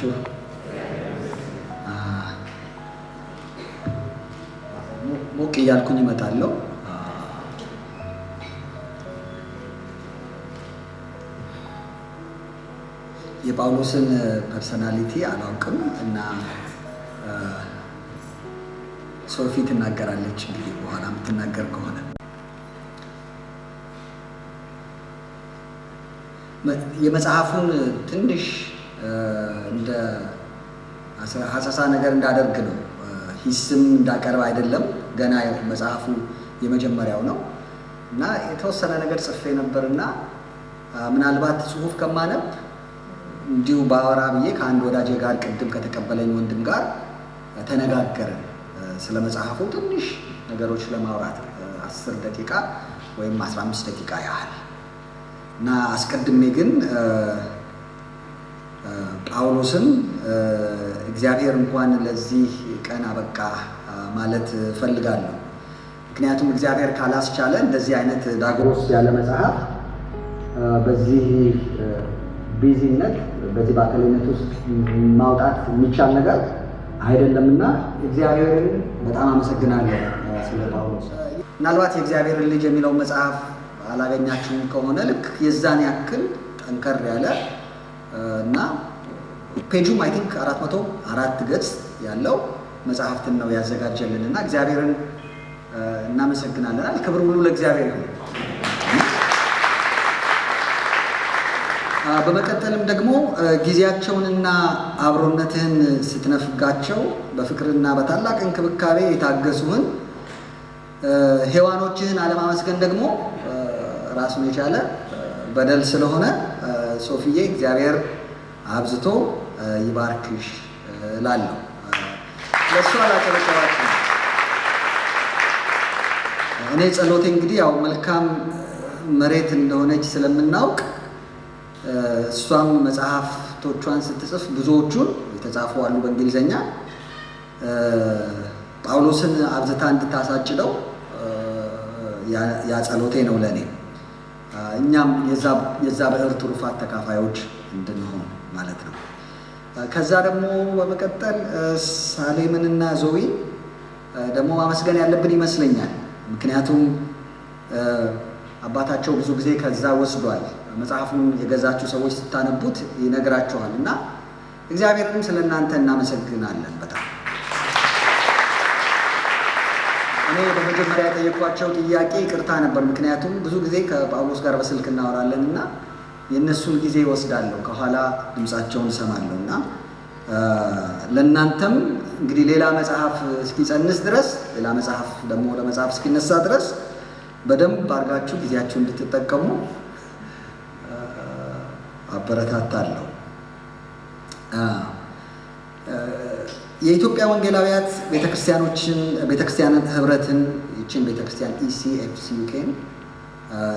ናችሁ? Ah, ሞቅ እያልኩኝ እመጣለሁ። ah. የጳውሎስን ፐርሰናሊቲ አላውቅም እና ሶፊ ትናገራለች እንግዲህ በኋላ የምትናገር ከሆነ የመጽሐፉን ትንሽ እንደ ሀሰሳ ነገር እንዳደርግ ነው። ሂስም እንዳቀርብ አይደለም። ገና መጽሐፉ የመጀመሪያው ነው እና የተወሰነ ነገር ጽፌ ነበርና ምናልባት ጽሁፍ ከማነብ እንዲሁ በአወራ ብዬ ከአንድ ወዳጄ ጋር ቅድም ከተቀበለኝ ወንድም ጋር ተነጋገርን። ስለ መጽሐፉ ትንሽ ነገሮች ለማውራት አስር ደቂቃ ወይም አስራ አምስት ደቂቃ ያህል እና አስቀድሜ ግን ጳውሎስም እግዚአብሔር እንኳን ለዚህ ቀን አበቃ ማለት እፈልጋለሁ። ምክንያቱም እግዚአብሔር ካላስቻለ እንደዚህ አይነት ዳግሮስ ያለ መጽሐፍ በዚህ ቢዚነት በዚህ በአካልነት ውስጥ ማውጣት የሚቻል ነገር አይደለምና እግዚአብሔርን በጣም አመሰግናለሁ ስለ ጳውሎስ። ምናልባት የእግዚአብሔርን ልጅ የሚለው መጽሐፍ አላገኛችሁም ከሆነ ልክ የዛን ያክል ጠንከር ያለ እና ፔጁም አይ ቲንክ አራት መቶ አራት ገጽ ያለው መጽሐፍትን ነው ያዘጋጀልን እና እግዚአብሔርን እናመሰግናለናል። ክብር ሙሉ ለእግዚአብሔር ነው። በመቀጠልም ደግሞ ጊዜያቸውንና አብሮነትህን ስትነፍጋቸው በፍቅርና በታላቅ እንክብካቤ የታገሱህን ሔዋኖችህን አለማመስገን ደግሞ ራሱን የቻለ በደል ስለሆነ ሶፍዬ እግዚአብሔር አብዝቶ ይባርክሽ እላለሁ። ለሱ አላጨበጨባችሁ። እኔ ጸሎቴ እንግዲህ ያው መልካም መሬት እንደሆነች ስለምናውቅ እሷም መጽሐፍቶቿን ስትጽፍ ብዙዎቹን የተጻፉ አሉ በእንግሊዝኛ ጳውሎስን አብዝታ እንድታሳጭደው ያ ጸሎቴ ነው ለእኔ። እኛም የዛ ብዕር ትሩፋት ተካፋዮች እንድንሆን ማለት ነው። ከዛ ደግሞ በመቀጠል ሳሌምንና ዞዊ ደግሞ ማመስገን ያለብን ይመስለኛል። ምክንያቱም አባታቸው ብዙ ጊዜ ከዛ ወስዷል። መጽሐፉን የገዛችሁ ሰዎች ስታነቡት ይነግራችኋል እና እግዚአብሔርንም ስለ እናንተ እናመሰግናለን በጣም በመጀመሪያ የጠየኳቸው ጥያቄ ይቅርታ ነበር። ምክንያቱም ብዙ ጊዜ ከጳውሎስ ጋር በስልክ እናወራለን እና የእነሱን ጊዜ ይወስዳለሁ፣ ከኋላ ድምፃቸውን እሰማለሁ እና ለእናንተም እንግዲህ ሌላ መጽሐፍ እስኪጸንስ ድረስ ሌላ መጽሐፍ ደግሞ ለመጽሐፍ እስኪነሳ ድረስ በደንብ አድርጋችሁ ጊዜያችሁ እንድትጠቀሙ አበረታታለሁ። የኢትዮጵያ ወንጌላውያት ቤተክርስቲያኖችን ቤተክርስቲያንን ህብረትን ይችን ቤተክርስቲያን ኢሲኤፍሲ e ዩኬን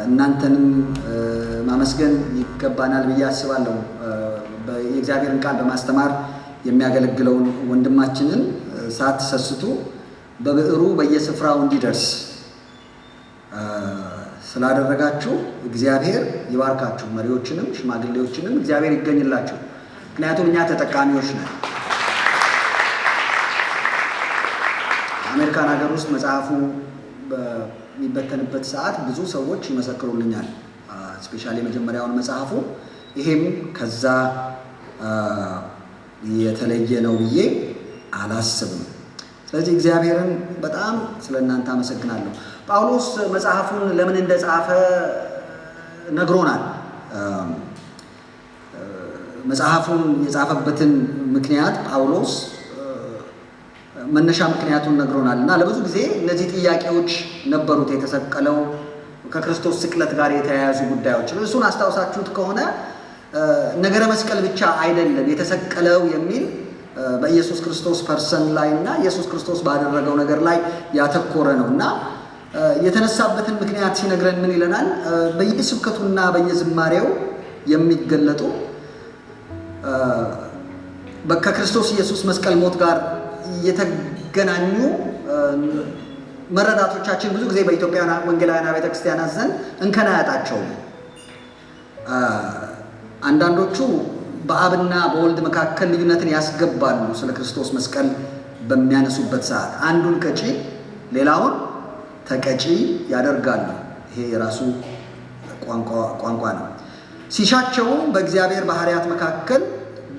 እናንተንም ማመስገን ይገባናል ብዬ አስባለሁ። የእግዚአብሔርን ቃል በማስተማር የሚያገለግለውን ወንድማችንን ሳትሰስቱ በብዕሩ በየስፍራው እንዲደርስ ስላደረጋችሁ እግዚአብሔር ይባርካችሁ። መሪዎችንም ሽማግሌዎችንም እግዚአብሔር ይገኝላችሁ። ምክንያቱም እኛ ተጠቃሚዎች ነን። አሜሪካን ሀገር ውስጥ መጽሐፉ በሚበተንበት ሰዓት ብዙ ሰዎች ይመሰክሩልኛል። ስፔሻሊ የመጀመሪያውን መጽሐፉ ይሄም ከዛ የተለየ ነው ብዬ አላስብም። ስለዚህ እግዚአብሔርን በጣም ስለ እናንተ አመሰግናለሁ። ጳውሎስ መጽሐፉን ለምን እንደጻፈ ነግሮናል። መጽሐፉን የጻፈበትን ምክንያት ጳውሎስ መነሻ ምክንያቱን ነግሮናል እና ለብዙ ጊዜ እነዚህ ጥያቄዎች ነበሩት የተሰቀለው ከክርስቶስ ስቅለት ጋር የተያያዙ ጉዳዮች እሱን አስታውሳችሁት ከሆነ ነገረ መስቀል ብቻ አይደለም የተሰቀለው የሚል በኢየሱስ ክርስቶስ ፐርሰን ላይ እና ኢየሱስ ክርስቶስ ባደረገው ነገር ላይ ያተኮረ ነው እና የተነሳበትን ምክንያት ሲነግረን ምን ይለናል? በየስብከቱና በየዝማሬው የሚገለጡ ከክርስቶስ ኢየሱስ መስቀል ሞት ጋር የተገናኙ መረዳቶቻችን ብዙ ጊዜ በኢትዮጵያ ወንጌላውያን ቤተክርስቲያናት ዘንድ እንከና ያጣቸው አንዳንዶቹ በአብና በወልድ መካከል ልዩነትን ያስገባሉ። ስለ ክርስቶስ መስቀል በሚያነሱበት ሰዓት አንዱን ቀጪ ሌላውን ተቀጪ ያደርጋሉ። ይሄ የራሱ ቋንቋ ነው። ሲሻቸውም በእግዚአብሔር ባህርያት መካከል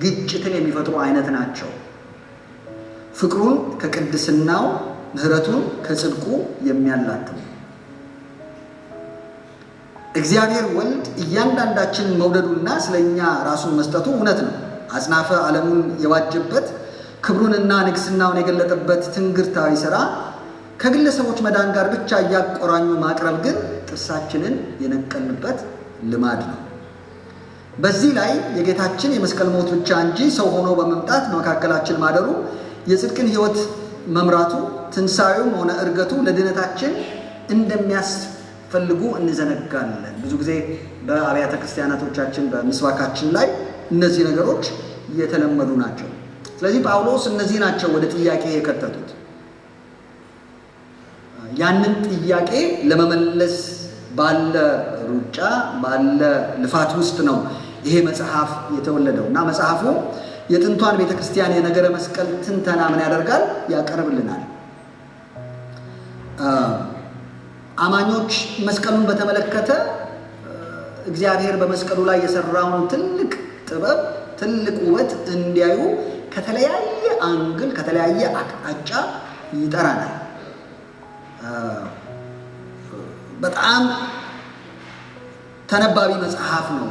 ግጭትን የሚፈጥሩ አይነት ናቸው። ፍቅሩን ከቅድስናው ምሕረቱን ከጽድቁ የሚያላትም እግዚአብሔር ወልድ እያንዳንዳችንን መውደዱና ስለ እኛ ራሱን መስጠቱ እውነት ነው። አጽናፈ ዓለሙን የዋጀበት ክብሩንና ንግስናውን የገለጠበት ትንግርታዊ ሥራ ከግለሰቦች መዳን ጋር ብቻ እያቆራኙ ማቅረብ ግን ጥርሳችንን የነቀንበት ልማድ ነው። በዚህ ላይ የጌታችን የመስቀል ሞት ብቻ እንጂ ሰው ሆኖ በመምጣት መካከላችን ማደሩ የጽድቅን ህይወት መምራቱ ትንሣኤውም ሆነ እርገቱ ለድነታችን እንደሚያስፈልጉ እንዘነጋለን። ብዙ ጊዜ በአብያተ ክርስቲያናቶቻችን በምስባካችን ላይ እነዚህ ነገሮች የተለመዱ ናቸው። ስለዚህ ጳውሎስ እነዚህ ናቸው ወደ ጥያቄ የከተቱት። ያንን ጥያቄ ለመመለስ ባለ ሩጫ ባለ ልፋት ውስጥ ነው ይሄ መጽሐፍ የተወለደው እና መጽሐፉ የጥንቷን ቤተ ክርስቲያን የነገረ መስቀል ትንተና ምን ያደርጋል? ያቀርብልናል። አማኞች መስቀሉን በተመለከተ እግዚአብሔር በመስቀሉ ላይ የሰራውን ትልቅ ጥበብ፣ ትልቅ ውበት እንዲያዩ ከተለያየ አንግል፣ ከተለያየ አቅጣጫ ይጠራናል። በጣም ተነባቢ መጽሐፍ ነው።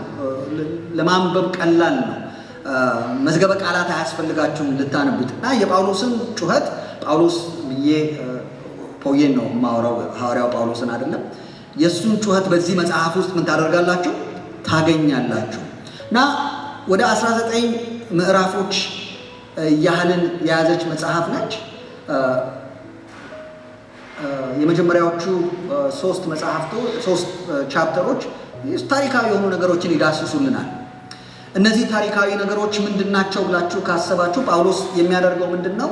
ለማንበብ ቀላል ነው። መዝገበ ቃላት አያስፈልጋችሁም ልታነቡት እና የጳውሎስን ጩኸት ጳውሎስ ብዬ ፖዬን ነው የማወራው ሐዋርያው ጳውሎስን አይደለም። የእሱን ጩኸት በዚህ መጽሐፍ ውስጥ ምን ታደርጋላችሁ? ታገኛላችሁ። እና ወደ 19 ምዕራፎች ያህልን የያዘች መጽሐፍ ነች። የመጀመሪያዎቹ ሶስት መጽሐፍቶ ሶስት ቻፕተሮች ታሪካዊ የሆኑ ነገሮችን ይዳስሱልናል። እነዚህ ታሪካዊ ነገሮች ምንድን ናቸው ብላችሁ ካሰባችሁ ጳውሎስ የሚያደርገው ምንድን ነው?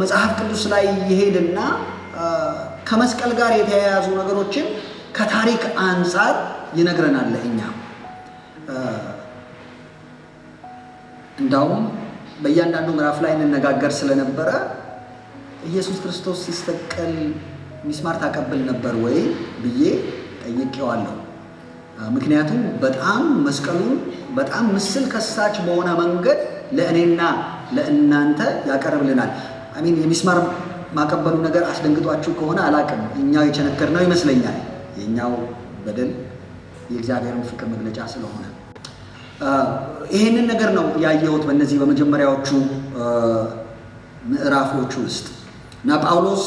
መጽሐፍ ቅዱስ ላይ ይሄድና ከመስቀል ጋር የተያያዙ ነገሮችን ከታሪክ አንጻር ይነግረናል። እኛ እንዳውም በእያንዳንዱ ምዕራፍ ላይ እንነጋገር ስለነበረ ኢየሱስ ክርስቶስ ሲሰቀል ሚስማር ታቀብል ነበር ወይ ብዬ ጠይቄዋለሁ። ምክንያቱም በጣም መስቀሉ በጣም ምስል ከሳች በሆነ መንገድ ለእኔና ለእናንተ ያቀርብልናል። አሚን የሚስማር ማቀበሉ ነገር አስደንግጧችሁ ከሆነ አላቅም። እኛው የቸነከርነው ይመስለኛል። የእኛው በደል የእግዚአብሔርን ፍቅር መግለጫ ስለሆነ ይህንን ነገር ነው ያየሁት በእነዚህ በመጀመሪያዎቹ ምዕራፎች ውስጥ እና ጳውሎስ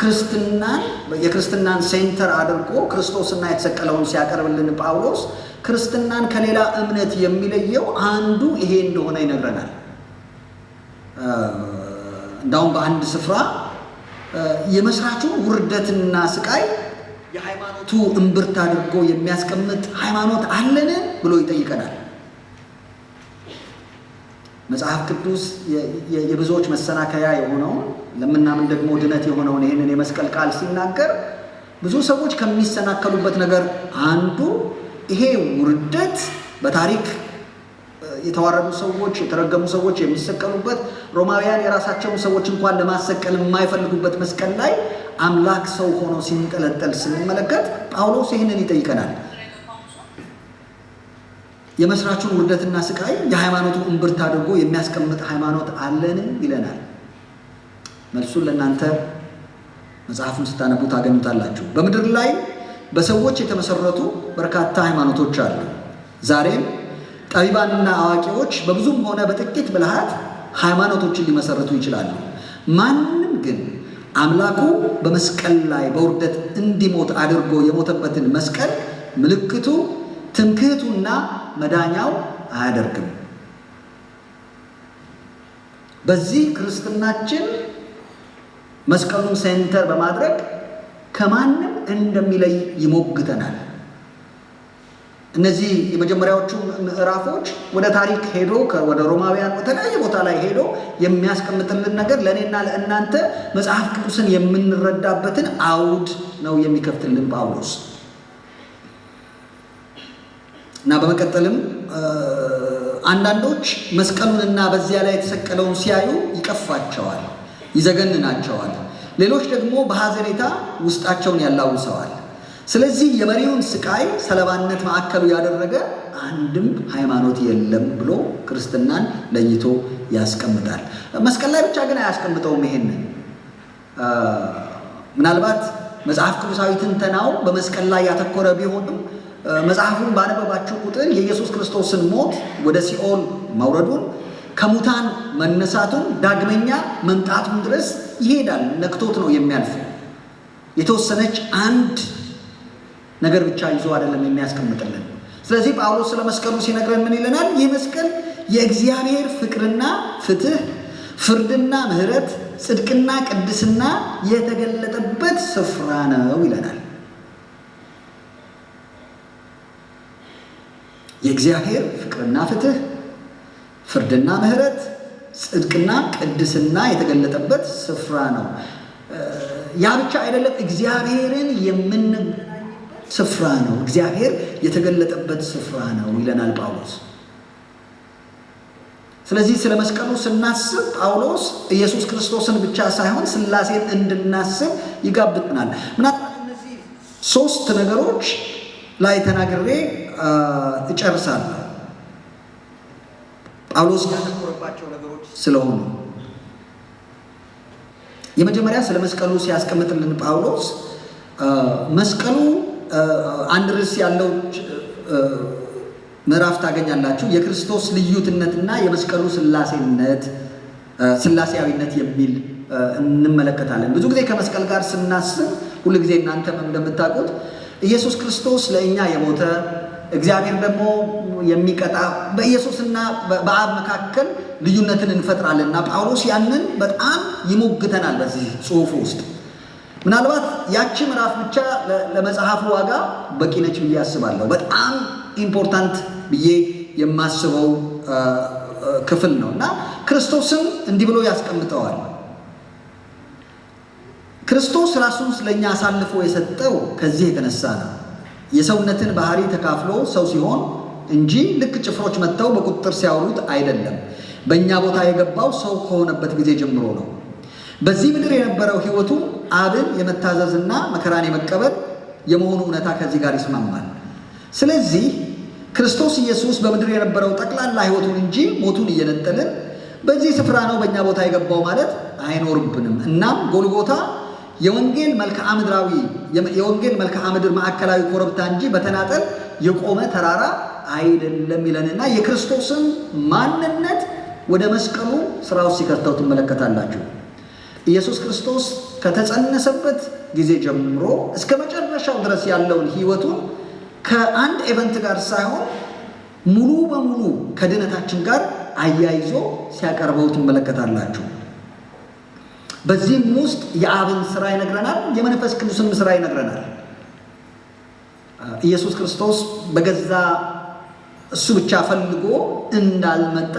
ክርስትናን የክርስትናን ሴንተር አድርጎ ክርስቶስና የተሰቀለውን ሲያቀርብልን ጳውሎስ ክርስትናን ከሌላ እምነት የሚለየው አንዱ ይሄ እንደሆነ ይነግረናል። እንዳውም በአንድ ስፍራ የመስራቹ ውርደትና ስቃይ የሃይማኖቱ እምብርት አድርጎ የሚያስቀምጥ ሃይማኖት አለን ብሎ ይጠይቀናል። መጽሐፍ ቅዱስ የብዙዎች መሰናከያ የሆነውን ለምናምን ደግሞ ድነት የሆነውን ይህንን የመስቀል ቃል ሲናገር ብዙ ሰዎች ከሚሰናከሉበት ነገር አንዱ ይሄ ውርደት በታሪክ የተዋረዱ ሰዎች፣ የተረገሙ ሰዎች የሚሰቀሉበት ሮማውያን የራሳቸውን ሰዎች እንኳን ለማሰቀል የማይፈልጉበት መስቀል ላይ አምላክ ሰው ሆኖ ሲንጠለጠል ስንመለከት ጳውሎስ ይህንን ይጠይቀናል። የመስራቹን ውርደትና ስቃይ የሃይማኖቱን እምብርት አድርጎ የሚያስቀምጥ ሃይማኖት አለን ይለናል። መልሱን ለእናንተ መጽሐፉን ስታነቡ ታገኙታላችሁ። በምድር ላይ በሰዎች የተመሰረቱ በርካታ ሃይማኖቶች አሉ። ዛሬም ጠቢባንና አዋቂዎች በብዙም ሆነ በጥቂት ብልሃት ሃይማኖቶችን ሊመሰረቱ ይችላሉ። ማንም ግን አምላኩ በመስቀል ላይ በውርደት እንዲሞት አድርጎ የሞተበትን መስቀል ምልክቱ ትምክህቱና መዳኛው አያደርግም። በዚህ ክርስትናችን መስቀሉን ሴንተር በማድረግ ከማንም እንደሚለይ ይሞግተናል። እነዚህ የመጀመሪያዎቹ ምዕራፎች ወደ ታሪክ ሄዶ ወደ ሮማውያን በተለያየ ቦታ ላይ ሄዶ የሚያስቀምጥልን ነገር ለእኔና ለእናንተ መጽሐፍ ቅዱስን የምንረዳበትን አውድ ነው የሚከፍትልን ጳውሎስ። እና በመቀጠልም አንዳንዶች መስቀሉንና በዚያ ላይ የተሰቀለውን ሲያዩ ይቀፋቸዋል፣ ይዘገንናቸዋል። ሌሎች ደግሞ በሐዘኔታ ውስጣቸውን ያላውሰዋል። ስለዚህ የመሪውን ስቃይ ሰለባነት ማዕከሉ ያደረገ አንድም ሃይማኖት የለም ብሎ ክርስትናን ለይቶ ያስቀምጣል። መስቀል ላይ ብቻ ግን አያስቀምጠውም። ይሄንን ምናልባት መጽሐፍ ቅዱሳዊ ትንተናው በመስቀል ላይ ያተኮረ ቢሆንም መጽሐፉን ባነበባችሁ ቁጥር የኢየሱስ ክርስቶስን ሞት ወደ ሲኦል መውረዱን ከሙታን መነሳቱን ዳግመኛ መምጣቱን ድረስ ይሄዳል። ነክቶት ነው የሚያልፈው። የተወሰነች አንድ ነገር ብቻ ይዞ አይደለም የሚያስቀምጥልን። ስለዚህ ጳውሎስ ስለ መስቀሉ ሲነግረን ምን ይለናል? ይህ መስቀል የእግዚአብሔር ፍቅርና ፍትህ፣ ፍርድና ምሕረት፣ ጽድቅና ቅድስና የተገለጠበት ስፍራ ነው ይለናል። የእግዚአብሔር ፍቅርና ፍትህ፣ ፍርድና ምህረት፣ ጽድቅና ቅድስና የተገለጠበት ስፍራ ነው። ያ ብቻ አይደለም፣ እግዚአብሔርን የምንገናኝበት ስፍራ ነው። እግዚአብሔር የተገለጠበት ስፍራ ነው ይለናል ጳውሎስ። ስለዚህ ስለ መስቀሉ ስናስብ ጳውሎስ ኢየሱስ ክርስቶስን ብቻ ሳይሆን ስላሴን እንድናስብ ይጋብጥናል። ምናልባት እነዚህ ሶስት ነገሮች ላይ ተናግሬ እጨርሳለሁ። ጳውሎስ ያተኮረባቸው ነገሮች ስለሆኑ የመጀመሪያ ስለ መስቀሉ ሲያስቀምጥልን ጳውሎስ መስቀሉ አንድ ርዕስ ያለው ምዕራፍ ታገኛላችሁ። የክርስቶስ ልዩትነትና የመስቀሉ ስላሴነት ስላሴያዊነት የሚል እንመለከታለን። ብዙ ጊዜ ከመስቀል ጋር ስናስብ ሁሉ ጊዜ እናንተም እንደምታውቁት ኢየሱስ ክርስቶስ ለእኛ የሞተ እግዚአብሔር ደግሞ የሚቀጣ በኢየሱስና በአብ መካከል ልዩነትን እንፈጥራለን እና ጳውሎስ ያንን በጣም ይሞግተናል በዚህ ጽሑፍ ውስጥ። ምናልባት ያቺ ምዕራፍ ብቻ ለመጽሐፉ ዋጋ በቂ ነች ብዬ አስባለሁ። በጣም ኢምፖርታንት ብዬ የማስበው ክፍል ነው እና ክርስቶስም እንዲህ ብሎ ያስቀምጠዋል። ክርስቶስ ራሱን ስለኛ አሳልፎ የሰጠው ከዚህ የተነሳ ነው የሰውነትን ባህሪ ተካፍሎ ሰው ሲሆን እንጂ ልክ ጭፍሮች መጥተው በቁጥጥር ሲያወሩት አይደለም። በእኛ ቦታ የገባው ሰው ከሆነበት ጊዜ ጀምሮ ነው። በዚህ ምድር የነበረው ሕይወቱ አብን የመታዘዝና መከራን የመቀበል የመሆኑ እውነታ ከዚህ ጋር ይስማማል። ስለዚህ ክርስቶስ ኢየሱስ በምድር የነበረው ጠቅላላ ሕይወቱን እንጂ ሞቱን እየነጠልን በዚህ ስፍራ ነው በእኛ ቦታ የገባው ማለት አይኖርብንም። እናም ጎልጎታ የወንጌል መልክዓ ምድራዊ የወንጌል መልክዓ ምድር ማዕከላዊ ኮረብታ እንጂ በተናጠል የቆመ ተራራ አይደለም ይለንና የክርስቶስን ማንነት ወደ መስቀሉ ስራው ሲከተው ትመለከታላችሁ። ኢየሱስ ክርስቶስ ከተጸነሰበት ጊዜ ጀምሮ እስከ መጨረሻው ድረስ ያለውን ህይወቱን ከአንድ ኤቨንት ጋር ሳይሆን ሙሉ በሙሉ ከድነታችን ጋር አያይዞ ሲያቀርበው ትመለከታላችሁ። በዚህም ውስጥ የአብን ስራ ይነግረናል፣ የመንፈስ ቅዱስንም ስራ ይነግረናል። ኢየሱስ ክርስቶስ በገዛ እሱ ብቻ ፈልጎ እንዳልመጣ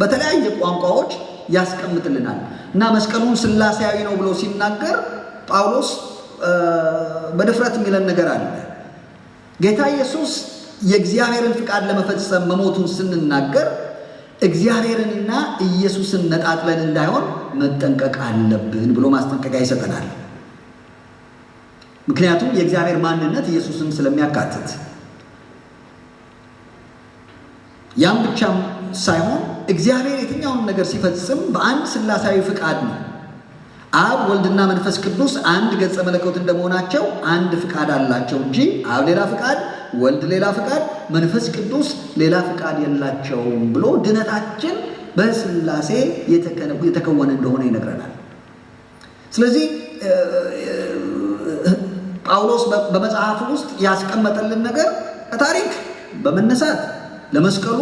በተለያየ ቋንቋዎች ያስቀምጥልናል እና መስቀሉን ስላሴያዊ ነው ብሎ ሲናገር ጳውሎስ በድፍረት የሚለን ነገር አለ። ጌታ ኢየሱስ የእግዚአብሔርን ፍቃድ ለመፈጸም መሞቱን ስንናገር እግዚአብሔርንና ኢየሱስን ነጣጥለን እንዳይሆን መጠንቀቅ አለብን ብሎ ማስጠንቀቂያ ይሰጠናል። ምክንያቱም የእግዚአብሔር ማንነት ኢየሱስን ስለሚያካትት ያም ብቻም ሳይሆን እግዚአብሔር የትኛውን ነገር ሲፈጽም በአንድ ስላሳዊ ፍቃድ ነው። አብ ወልድና መንፈስ ቅዱስ አንድ ገጸ መለኮት እንደመሆናቸው አንድ ፍቃድ አላቸው እንጂ አብ ሌላ ፍቃድ፣ ወልድ ሌላ ፍቃድ፣ መንፈስ ቅዱስ ሌላ ፍቃድ የላቸውም ብሎ ድነታችን በስላሴ የተከወነ እንደሆነ ይነግረናል። ስለዚህ ጳውሎስ በመጽሐፍ ውስጥ ያስቀመጠልን ነገር ከታሪክ በመነሳት ለመስቀሉ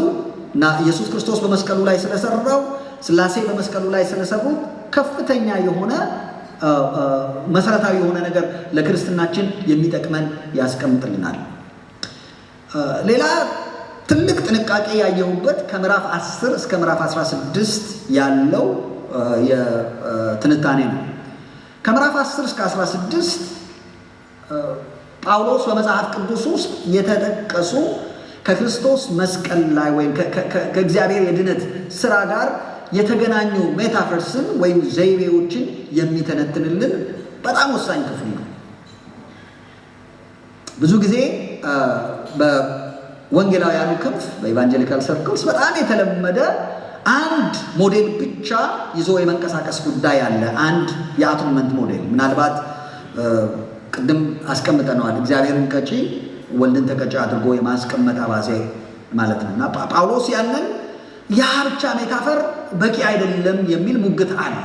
እና ኢየሱስ ክርስቶስ በመስቀሉ ላይ ስለሰራው ስላሴ በመስቀሉ ላይ ስለሰሩት ከፍተኛ የሆነ መሰረታዊ የሆነ ነገር ለክርስትናችን የሚጠቅመን ያስቀምጥልናል። ሌላ ትልቅ ጥንቃቄ ያየሁበት ከምዕራፍ 10 እስከ ምዕራፍ 16 ያለው የትንታኔ ነው። ከምዕራፍ 10 እስከ 16 ጳውሎስ በመጽሐፍ ቅዱስ ውስጥ የተጠቀሱ ከክርስቶስ መስቀል ላይ ወይም ከእግዚአብሔር የድነት ስራ ጋር የተገናኙ ሜታፈርስን ወይም ዘይቤዎችን የሚተነትንልን በጣም ወሳኝ ክፍል ነው። ብዙ ጊዜ በወንጌላውያኑ ክንፍ በኢቫንጀሊካል ሰርክልስ በጣም የተለመደ አንድ ሞዴል ብቻ ይዞ የመንቀሳቀስ ጉዳይ አለ። አንድ የአቶንመንት ሞዴል ምናልባት ቅድም አስቀምጠነዋል። እግዚአብሔርን ቀጪ ወልድን ተቀጪ አድርጎ የማስቀመጥ አባዜ ማለት ነው እና ጳውሎስ ያንን ያ ብቻ ሜታፈር በቂ አይደለም የሚል ሙግት አለ።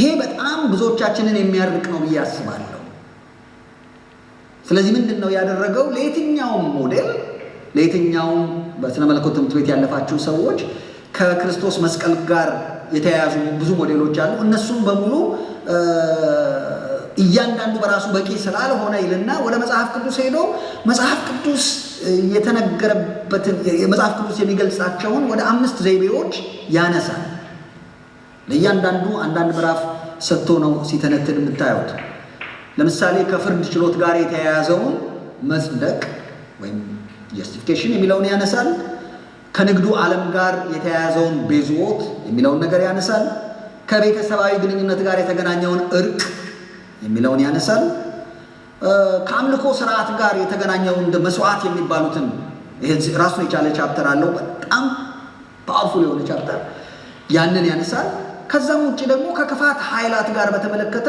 ይሄ በጣም ብዙዎቻችንን የሚያርቅ ነው ብዬ አስባለሁ። ስለዚህ ምንድን ነው ያደረገው? ለየትኛውም ሞዴል ለየትኛውም በስነ መለኮት ትምህርት ቤት ያለፋችሁ ሰዎች ከክርስቶስ መስቀል ጋር የተያያዙ ብዙ ሞዴሎች አሉ። እነሱም በሙሉ እያንዳንዱ በራሱ በቂ ስላልሆነ ይልና ወደ መጽሐፍ ቅዱስ ሄዶ መጽሐፍ ቅዱስ የተነገረበትን መጽሐፍ ቅዱስ የሚገልጻቸውን ወደ አምስት ዘይቤዎች ያነሳል። ለእያንዳንዱ አንዳንድ ምዕራፍ ሰጥቶ ነው ሲተነትን የምታዩት። ለምሳሌ ከፍርድ ችሎት ጋር የተያያዘውን መጽደቅ ወይም ጀስቲፊኬሽን የሚለውን ያነሳል። ከንግዱ ዓለም ጋር የተያያዘውን ቤዝዎት የሚለውን ነገር ያነሳል። ከቤተሰባዊ ግንኙነት ጋር የተገናኘውን እርቅ የሚለውን ያነሳል። ከአምልኮ ስርዓት ጋር የተገናኘው እንደ መስዋዕት የሚባሉትን ራሱን የቻለ ቻፕተር አለው። በጣም ፓወርፉል የሆነ ቻፕተር ያንን ያነሳል። ከዛም ውጭ ደግሞ ከክፋት ኃይላት ጋር በተመለከተ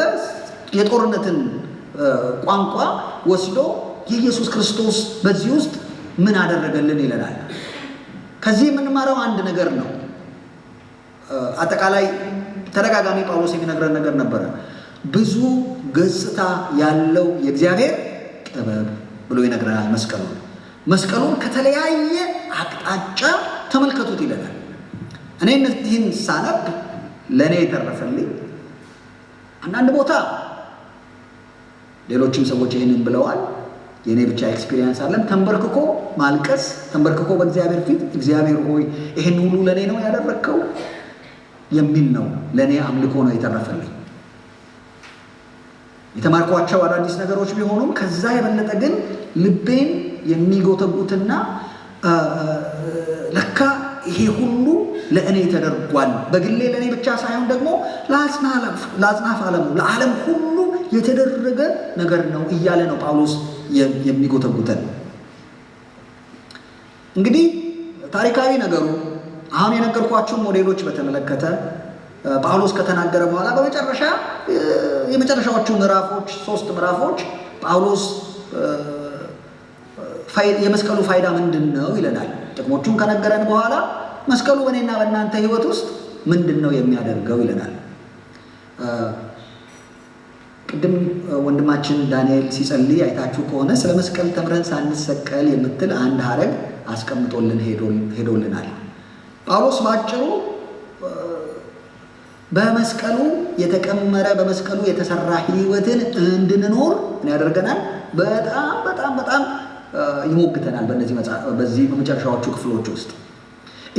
የጦርነትን ቋንቋ ወስዶ የኢየሱስ ክርስቶስ በዚህ ውስጥ ምን አደረገልን ይለናል። ከዚህ የምንማረው አንድ ነገር ነው። አጠቃላይ ተደጋጋሚ ጳውሎስ የሚነግረን ነገር ነበረ። ብዙ ገጽታ ያለው የእግዚአብሔር ጥበብ ብሎ ይነግረናል። መስቀሉን መስቀሉን ከተለያየ አቅጣጫ ተመልከቱት ይለናል። እኔ እነዚህን ሳነብ ለእኔ የተረፈልኝ አንዳንድ ቦታ ሌሎችም ሰዎች ይህንን ብለዋል። የእኔ ብቻ ኤክስፒሪየንስ አለን። ተንበርክኮ ማልቀስ፣ ተንበርክኮ በእግዚአብሔር ፊት እግዚአብሔር ሆይ ይህን ሁሉ ለእኔ ነው ያደረግከው የሚል ነው። ለእኔ አምልኮ ነው የተረፈልኝ። የተማርኳቸው አዳዲስ ነገሮች ቢሆኑም ከዛ የበለጠ ግን ልቤን የሚጎተጉትና ለካ ይሄ ሁሉ ለእኔ ተደርጓል፣ በግሌ ለእኔ ብቻ ሳይሆን ደግሞ ለአጽናፍ ዓለሙ ለዓለም ሁሉ የተደረገ ነገር ነው እያለ ነው ጳውሎስ የሚጎተጉተን። እንግዲህ ታሪካዊ ነገሩ አሁን የነገርኳቸው ሞዴሎች በተመለከተ ጳውሎስ ከተናገረ በኋላ በመጨረሻ የመጨረሻዎቹ ምዕራፎች ሶስት ምዕራፎች ጳውሎስ የመስቀሉ ፋይዳ ምንድን ነው ይለናል። ጥቅሞቹን ከነገረን በኋላ መስቀሉ በእኔና በእናንተ ሕይወት ውስጥ ምንድን ነው የሚያደርገው ይለናል። ቅድም ወንድማችን ዳንኤል ሲጸልይ አይታችሁ ከሆነ ስለ መስቀል ተምረን ሳንሰቀል የምትል አንድ ሀረግ አስቀምጦልን ሄዶልናል። ጳውሎስ በአጭሩ በመስቀሉ የተቀመረ በመስቀሉ የተሰራ ህይወትን እንድንኖር ምን ያደርገናል? በጣም በጣም በጣም ይሞግተናል። በእነዚህ በዚህ በመጨረሻዎቹ ክፍሎች ውስጥ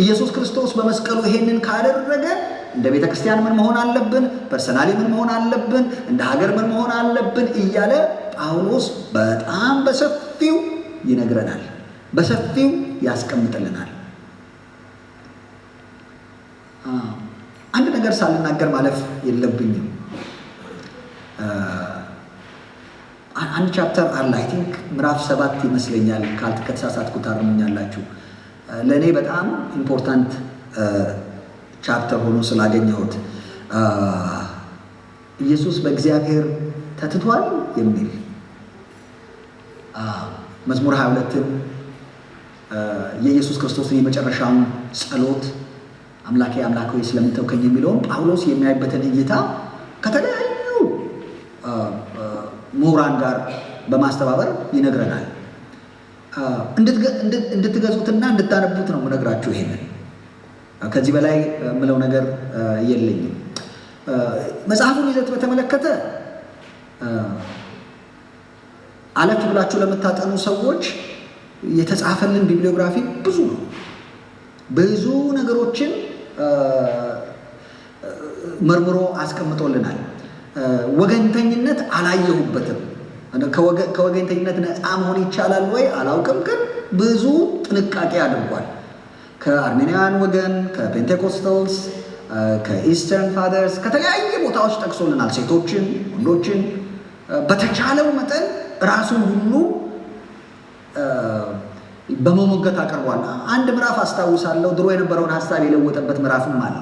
ኢየሱስ ክርስቶስ በመስቀሉ ይሄንን ካደረገ እንደ ቤተ ክርስቲያን ምን መሆን አለብን? ፐርሰናሊ ምን መሆን አለብን? እንደ ሀገር ምን መሆን አለብን? እያለ ጳውሎስ በጣም በሰፊው ይነግረናል፣ በሰፊው ያስቀምጥልናል። አንድ ነገር ሳልናገር ማለፍ የለብኝም። አንድ ቻፕተር አለ አይ ቲንክ ምዕራፍ ሰባት ይመስለኛል። ከተሳሳትኩ ታርሙኛላችሁ። ለእኔ በጣም ኢምፖርታንት ቻፕተር ሆኖ ስላገኘሁት ኢየሱስ በእግዚአብሔር ተትቷል የሚል መዝሙር 22ን የኢየሱስ ክርስቶስን የመጨረሻውን ጸሎት አምላኬ አምላክ ሆይ ስለምን ተውከኝ የሚለውን ጳውሎስ የሚያይበትን እይታ ከተለያዩ ምሁራን ጋር በማስተባበር ይነግረናል። እንድትገዙትና እንድታነቡት ነው የምነግራችሁ። ይሄንን ከዚህ በላይ የምለው ነገር የለኝም። መጽሐፉን ይዘት በተመለከተ አለፍ ብላችሁ ለምታጠኑ ሰዎች የተጻፈልን ቢብሊዮግራፊ ብዙ ነው። ብዙ ነገሮችን መርምሮ አስቀምጦልናል። ወገኝተኝነት አላየሁበትም። ከወገኝተኝነት ነፃ መሆን ይቻላል ወይ አላውቅም፣ ግን ብዙ ጥንቃቄ አድርጓል። ከአርሜኒያውያን ወገን፣ ከፔንቴኮስተልስ፣ ከኢስተርን ፋደርስ ከተለያየ ቦታዎች ጠቅሶልናል። ሴቶችን፣ ወንዶችን በተቻለው መጠን ራሱን ሁሉ በመሞገት አቅርቧል። አንድ ምዕራፍ አስታውሳለሁ፣ ድሮ የነበረውን ሀሳብ የለወጠበት ምዕራፍም አለ።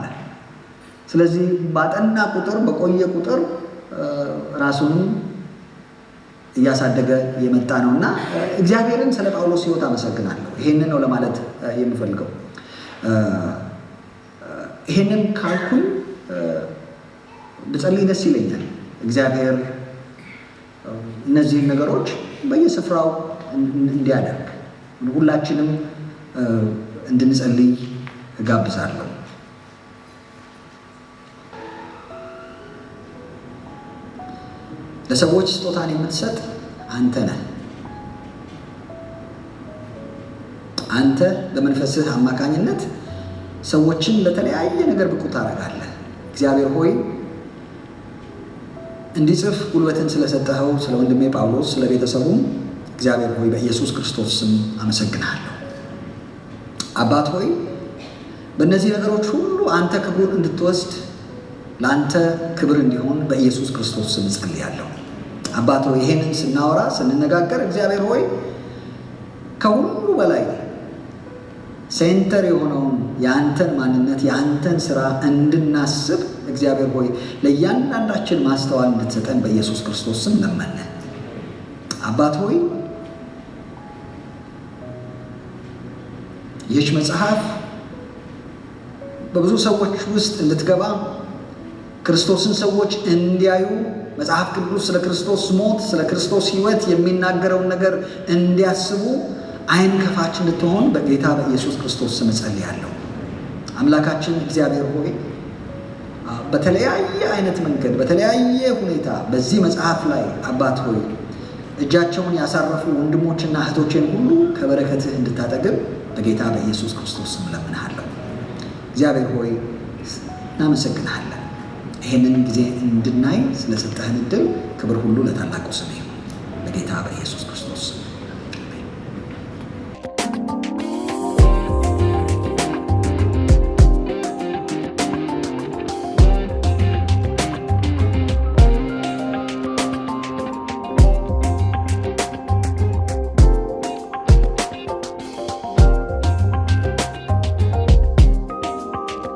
ስለዚህ ባጠና ቁጥር በቆየ ቁጥር ራሱን እያሳደገ የመጣ ነው እና እግዚአብሔርን ስለ ጳውሎስ ሕይወት አመሰግናለሁ። ይሄንን ነው ለማለት የምፈልገው። ይሄንን ካልኩኝ ብጸልይ ደስ ይለኛል። እግዚአብሔር እነዚህን ነገሮች በየስፍራው እንዲያደርግ ሁላችንም እንድንጸልይ እጋብዛለሁ። ለሰዎች ስጦታን የምትሰጥ አንተ ነህ። አንተ በመንፈስህ አማካኝነት ሰዎችን ለተለያየ ነገር ብቁ ታደርጋለህ። እግዚአብሔር ሆይ እንዲጽፍ ጉልበትን ስለሰጠኸው ስለ ወንድሜ ጳውሎስ ስለ ቤተሰቡም እግዚአብሔር ሆይ በኢየሱስ ክርስቶስ ስም አመሰግናለሁ። አባት ሆይ በእነዚህ ነገሮች ሁሉ አንተ ክብሩን እንድትወስድ ለአንተ ክብር እንዲሆን በኢየሱስ ክርስቶስ ስም ጸልያለሁ። አባት ሆይ ይሄንን ስናወራ ስንነጋገር፣ እግዚአብሔር ሆይ ከሁሉ በላይ ሴንተር የሆነውን የአንተን ማንነት የአንተን ስራ እንድናስብ እግዚአብሔር ሆይ ለእያንዳንዳችን ማስተዋል እንድትሰጠን በኢየሱስ ክርስቶስ ስም ለመነ። አባት ሆይ ይህች መጽሐፍ በብዙ ሰዎች ውስጥ እንድትገባ ክርስቶስን ሰዎች እንዲያዩ መጽሐፍ ቅዱስ ስለ ክርስቶስ ሞት፣ ስለ ክርስቶስ ሕይወት የሚናገረውን ነገር እንዲያስቡ ዓይን ከፋች እንድትሆን በጌታ በኢየሱስ ክርስቶስ ስም ጸልያለሁ። አምላካችን እግዚአብሔር ሆይ በተለያየ አይነት መንገድ በተለያየ ሁኔታ በዚህ መጽሐፍ ላይ አባት ሆይ እጃቸውን ያሳረፉ ወንድሞችና እህቶችን ሁሉ ከበረከትህ እንድታጠግብ በጌታ በኢየሱስ ክርስቶስ ስም ለምንሃለሁ። እግዚአብሔር ሆይ እናመሰግንሃለን። ይህንን ጊዜ እንድናይ ስለሰጠህን እድል ክብር ሁሉ ለታላቁ ስም በጌታ በኢየሱስ